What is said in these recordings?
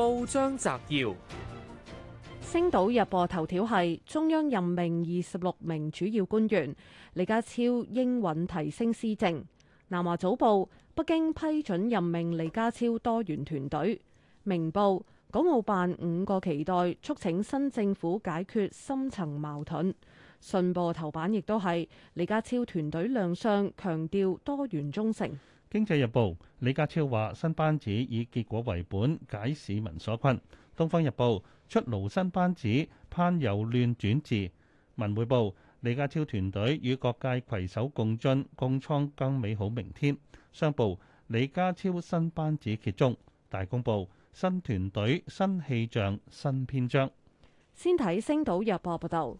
報章摘要：星島日報頭條係中央任命二十六名主要官員，李家超應允提升施政。南華早報：北京批准任命李家超多元團隊。明報：港澳辦五個期待促請新政府解決深層矛盾。信報頭版亦都係李家超團隊亮相，強調多元忠誠。《經濟日報》李家超話：新班子以結果為本，解市民所困。《東方日報》出爐新班子，攀由亂轉治。《文匯報》李家超團隊與各界攜手共進，共創更美好明天。《商報》李家超新班子揭盅。《大公報》新團隊、新氣象、新篇章。先睇《星島日報》報道：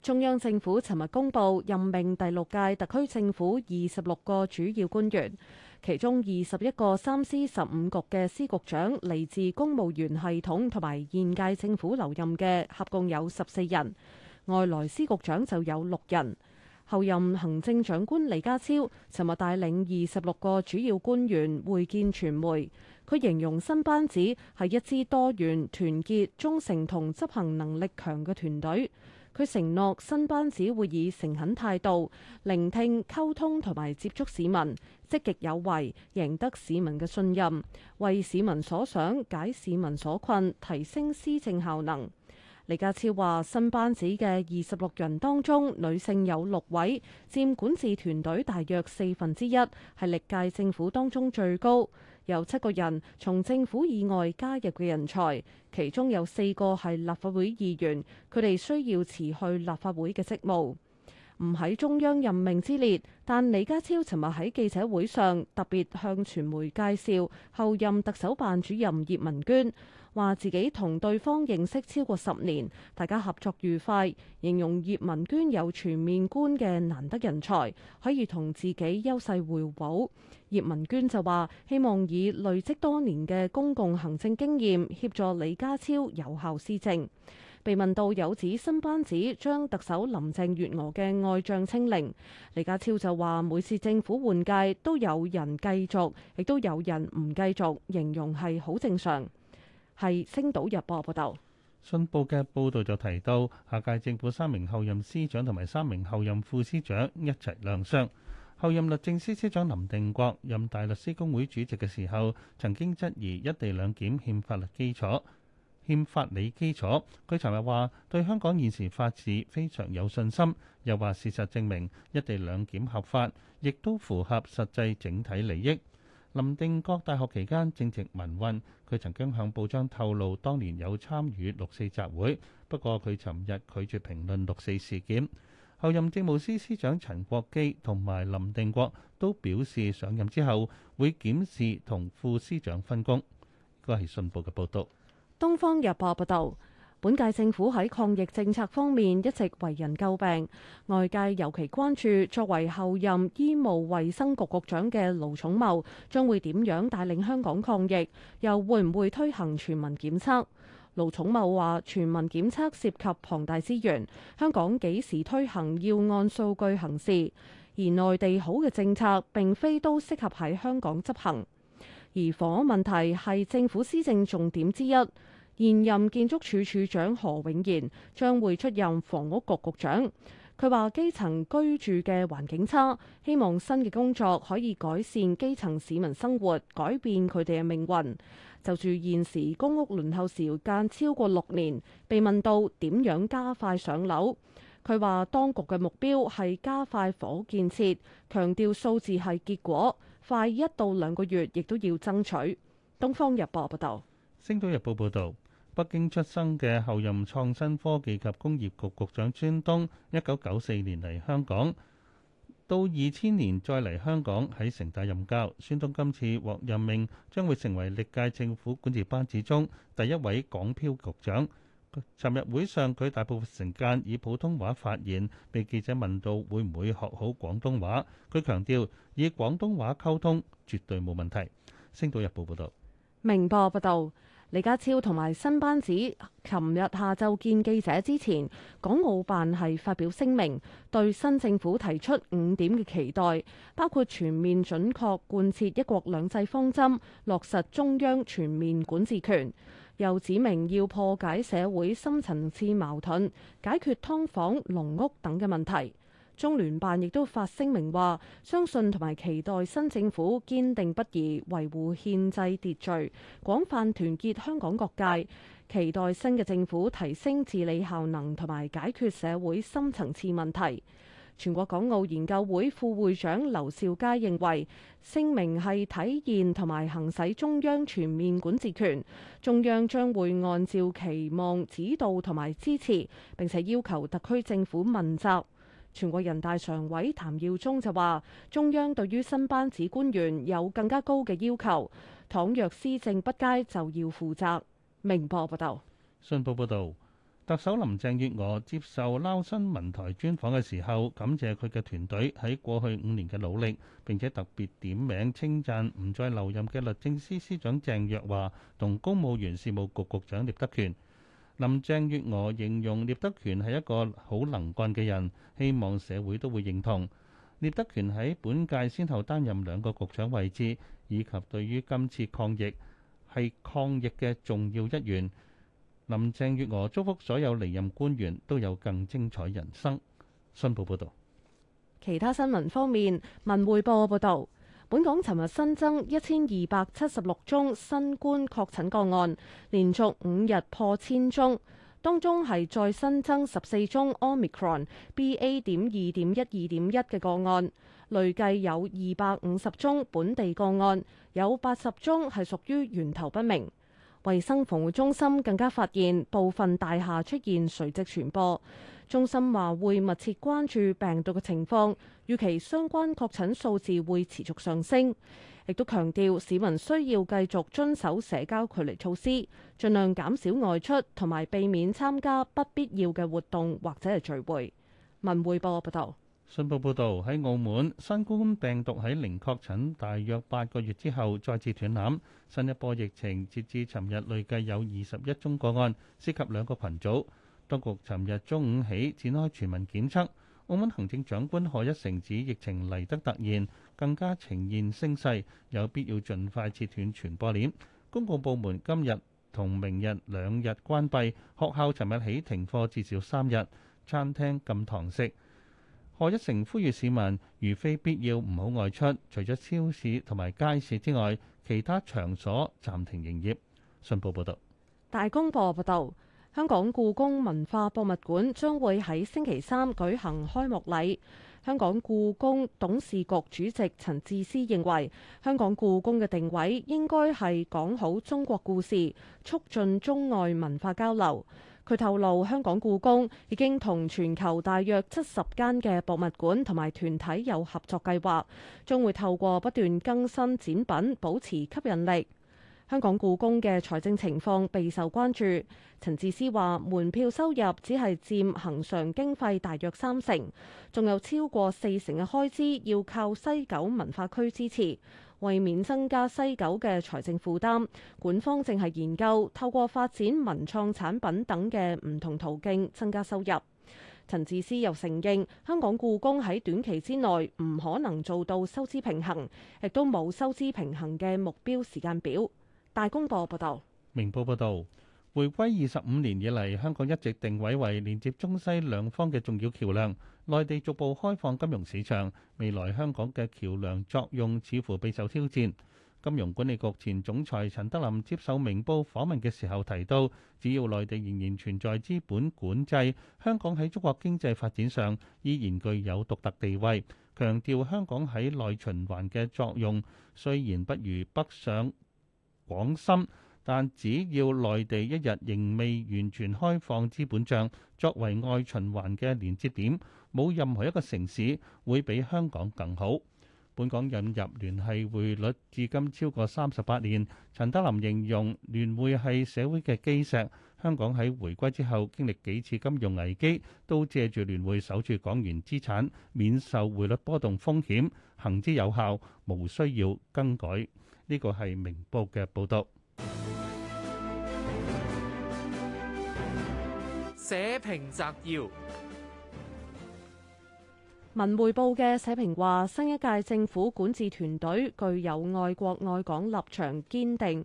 中央政府尋日公布任命第六屆特區政府二十六個主要官員。其中二十一個三司十五局嘅司局長嚟自公務員系統同埋現屆政府留任嘅，合共有十四人。外來司局長就有六人。候任行政長官李家超尋日帶領二十六個主要官員會見傳媒，佢形容新班子係一支多元、團結、忠誠同執行能力強嘅團隊。佢承諾新班子會以誠懇態度聆聽、溝通同埋接觸市民，積極有為，贏得市民嘅信任，為市民所想，解市民所困，提升施政效能。李家超話：新班子嘅二十六人當中，女性有六位，佔管治團隊大約四分之一，係歷屆政府當中最高。有七個人從政府以外加入嘅人才，其中有四個係立法會議員，佢哋需要辭去立法會嘅職務。唔喺中央任命之列，但李家超尋日喺記者會上特別向傳媒介紹候任特首辦主任葉文娟，話自己同對方認識超過十年，大家合作愉快，形容葉文娟有全面觀嘅難得人才，可以同自己優勢互補。葉文娟就話希望以累積多年嘅公共行政經驗協助李家超有效施政。被問到有指新班子將特首林鄭月娥嘅愛將清零，李家超就話：每次政府換屆都有人繼續，亦都有人唔繼續，形容係好正常。係星島日報報道，信報嘅報導就提到，下屆政府三名候任司長同埋三名候任副司長一齊亮相。候任律政司司長林定國任大律師公會主席嘅時候，曾經質疑一地兩檢欠法律基礎。欠法理基礎。佢尋日話對香港現時法治非常有信心，又話事實證明一地兩檢合法，亦都符合實際整體利益。林定國大學期間正值民運，佢曾經向報章透露當年有參與六四集會，不過佢尋日拒絕評論六四事件。候任政務司司長陳國基同埋林定國都表示上任之後會檢視同副司長分工。呢個係信報嘅報道。東方日報報道，本屆政府喺抗疫政策方面一直為人詬病，外界尤其關注作為後任醫務衛生局局長嘅盧寵茂將會點樣帶領香港抗疫，又會唔會推行全民檢測？盧寵茂話：全民檢測涉及龐大資源，香港幾時推行要按數據行事，而內地好嘅政策並非都適合喺香港執行。而房屋問題係政府施政重點之一，現任建築署署，署長何永賢將會出任房屋局局長。佢話：基層居住嘅環境差，希望新嘅工作可以改善基層市民生活，改變佢哋嘅命運。就住現時公屋輪候時間超過六年，被問到點樣加快上樓，佢話：當局嘅目標係加快房屋建設，強調數字係結果。快一到兩個月，亦都要爭取。《東方日報》報道，《星島日報》報道，北京出生嘅後任創新科技及工業局局長孫東，一九九四年嚟香港，到二千年再嚟香港喺城大任教。孫東今次獲任命，將會成為歷屆政府管治班子中第一位港漂局長。尋日會上，佢大部分時間以普通話發言，被記者問到會唔會學好廣東話，佢強調以廣東話溝通絕對冇問題。星島日報報道。明報報道，李家超同埋新班子，琴日下晝見記者之前，港澳辦係發表聲明，對新政府提出五點嘅期待，包括全面準確貫徹一國兩制方針，落實中央全面管治權。又指明要破解社會深層次矛盾，解決劏房、籠屋等嘅問題。中聯辦亦都發聲明話，相信同埋期待新政府堅定不移維護憲制秩序，廣泛團結香港各界，期待新嘅政府提升治理效能同埋解決社會深層次問題。全國港澳研究會副會長劉兆佳認為，聲明係體現同埋行使中央全面管治權，中央將會按照期望指導同埋支持，並且要求特區政府問責。全國人大常委譚耀宗就話：中央對於新班子官員有更加高嘅要求，倘若施政不佳就要負責。明報報道，信報報道。特首林鄭月娥接受《撈新聞台》專訪嘅時候，感謝佢嘅團隊喺過去五年嘅努力，並且特別點名稱讚唔再留任嘅律政司司長鄭若驊同公務員事務局局，局長聶德權。林鄭月娥形容聶德權係一個好能幹嘅人，希望社會都會認同。聶德權喺本屆先後擔任兩個局長位置，以及對於今次抗疫係抗疫嘅重要一員。林鄭月娥祝福所有離任官員都有更精彩人生。信報報道：其他新聞方面，文匯報報道，本港尋日新增一千二百七十六宗新冠確診個案，連續五日破千宗。當中係再新增十四宗 Omicron BA 點二點一二點一嘅個案，累計有二百五十宗本地個案，有八十宗係屬於源頭不明。衛生防護中心更加發現部分大廈出現垂直傳播。中心話會密切關注病毒嘅情況，預期相關確診數字會持續上升。亦都強調市民需要繼續遵守社交距離措施，盡量減少外出同埋避免參加不必要嘅活動或者係聚會。文匯報報道。信報報導，喺澳門，新冠病毒喺零確診大約八個月之後再次斷纜，新一波疫情截至尋日累計有二十一宗個案，涉及兩個群組。當局尋日中午起展開全民檢測。澳門行政長官賀一誠指，疫情嚟得突然，更加呈現升勢，有必要盡快切斷傳播鏈。公共部門今日同明日兩日關閉，學校尋日起停課至少三日，餐廳禁堂食。何一誠呼籲市民，如非必要唔好外出，除咗超市同埋街市之外，其他場所暫停營業。信報報道，大公報報道，香港故宮文化博物館將會喺星期三舉行開幕禮。香港故宮董事局主席陳智思認為，香港故宮嘅定位應該係講好中國故事，促進中外文化交流。佢透露，香港故宮已經同全球大約七十間嘅博物館同埋團體有合作計劃，將會透過不斷更新展品，保持吸引力。香港故宮嘅財政情況備受關注。陳智思話，門票收入只係佔恆常經費大約三成，仲有超過四成嘅開支要靠西九文化區支持。為免增加西九嘅財政負擔，管方正係研究透過發展文創產品等嘅唔同途徑增加收入。陳智思又承認，香港故宮喺短期之內唔可能做到收支平衡，亦都冇收支平衡嘅目標時間表。大公報報導，明報報導，回歸二十五年以嚟，香港一直定位為連接中西兩方嘅重要橋梁。內地逐步開放金融市場，未來香港嘅橋梁作用似乎備受挑戰。金融管理局前總裁陳德霖接受明報訪問嘅時候提到，只要內地仍然存在資本管制，香港喺中國經濟發展上依然具有獨特地位。強調香港喺內循環嘅作用雖然不如北上廣深，但只要內地一日仍未完全開放資本帳，作為外循環嘅連接點，冇任何一個城市會比香港更好。本港引入聯繫匯率至今超過三十八年，陳德霖形容聯匯係社會嘅基石。香港喺回歸之後經歷幾次金融危機，都借住聯匯守住港元資產，免受匯率波動風險，行之有效，無需要更改。呢、這個係明報嘅報道。社評摘要：文匯報嘅社評話，新一屆政府管治團隊具有愛國愛港立場堅定。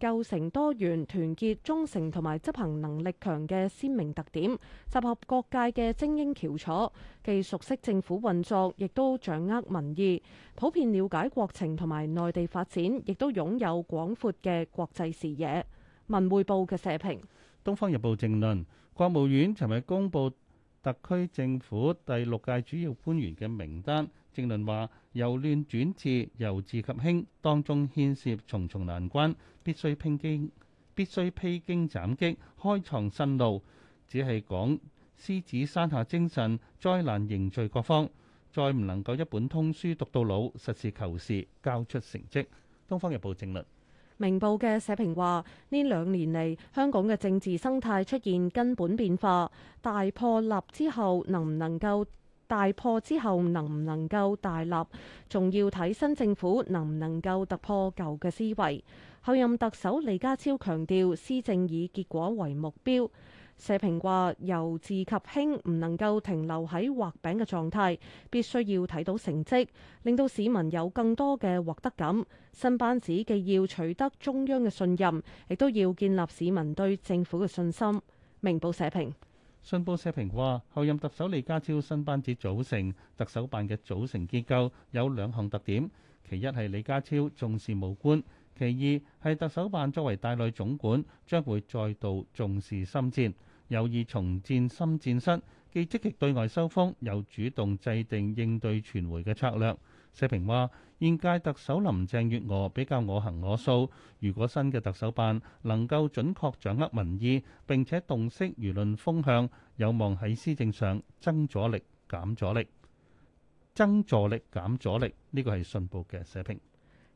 構成多元、團結、忠誠同埋執行能力強嘅鮮明特點，集合各界嘅精英翹楚，既熟悉政府運作，亦都掌握民意，普遍了解國情同埋內地發展，亦都擁有廣闊嘅國際視野。文匯報嘅社評。《東方日報》政論，國務院尋日公布特區政府第六屆主要官員嘅名單。正論話由亂轉治，由治及興，當中牽涉重重難關，必須披經必須披荊斬棘，開創新路。只係講獅子山下精神，災難凝聚各方，再唔能夠一本通書讀到老，實事求是交出成績。《東方日報》正論，《明報》嘅社評話：呢兩年嚟，香港嘅政治生態出現根本變化，大破立之後，能唔能夠？大破之後能唔能夠大立，仲要睇新政府能唔能夠突破舊嘅思維。後任特首李家超強調施政以結果為目標。社評話由治及興唔能夠停留喺畫餅嘅狀態，必須要睇到成績，令到市民有更多嘅獲得感。新班子既要取得中央嘅信任，亦都要建立市民對政府嘅信心。明報社評。信報社評話：候任特首李家超新班子組成，特首辦嘅組成結構有兩項特點，其一係李家超重視武官，其二係特首辦作為大內總管，將會再度重視心戰，有意重建心戰室，既積極對外收風，又主動制定應對傳媒嘅策略。社評話：現屆特首林鄭月娥比較我行我素，如果新嘅特首辦能夠準確掌握民意，並且洞悉輿論風向，有望喺施政上增助力、減阻力、增助力、減阻力。呢個係信報嘅社評。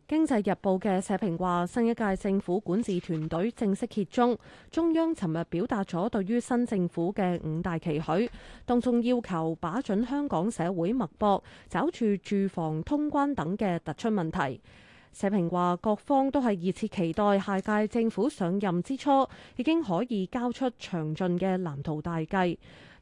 經濟日報嘅社評話：新一屆政府管治團隊正式揭盅。中央尋日表達咗對於新政府嘅五大期許，當中要求把準香港社會脈搏，找出住、住房通關等嘅突出問題。社評話各方都係熱切期待，下屆政府上任之初，已經可以交出詳盡嘅藍圖大計，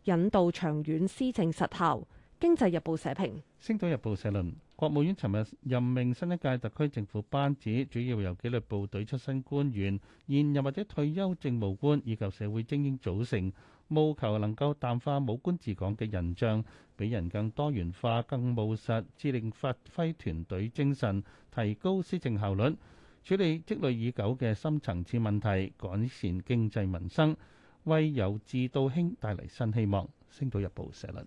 引導長遠施政實效。經濟日報社評。星島日報社論。國務院尋日任命新一屆特區政府班子，主要由紀律部隊出身官員、現任或者退休政務官以及社會精英組成，務求能夠淡化武官治港嘅印象，俾人更多元化、更務實，致令發揮團隊精神，提高施政效率，處理積累已久嘅深層次問題，改善經濟民生，為由治到興帶嚟新希望。星島日報社論。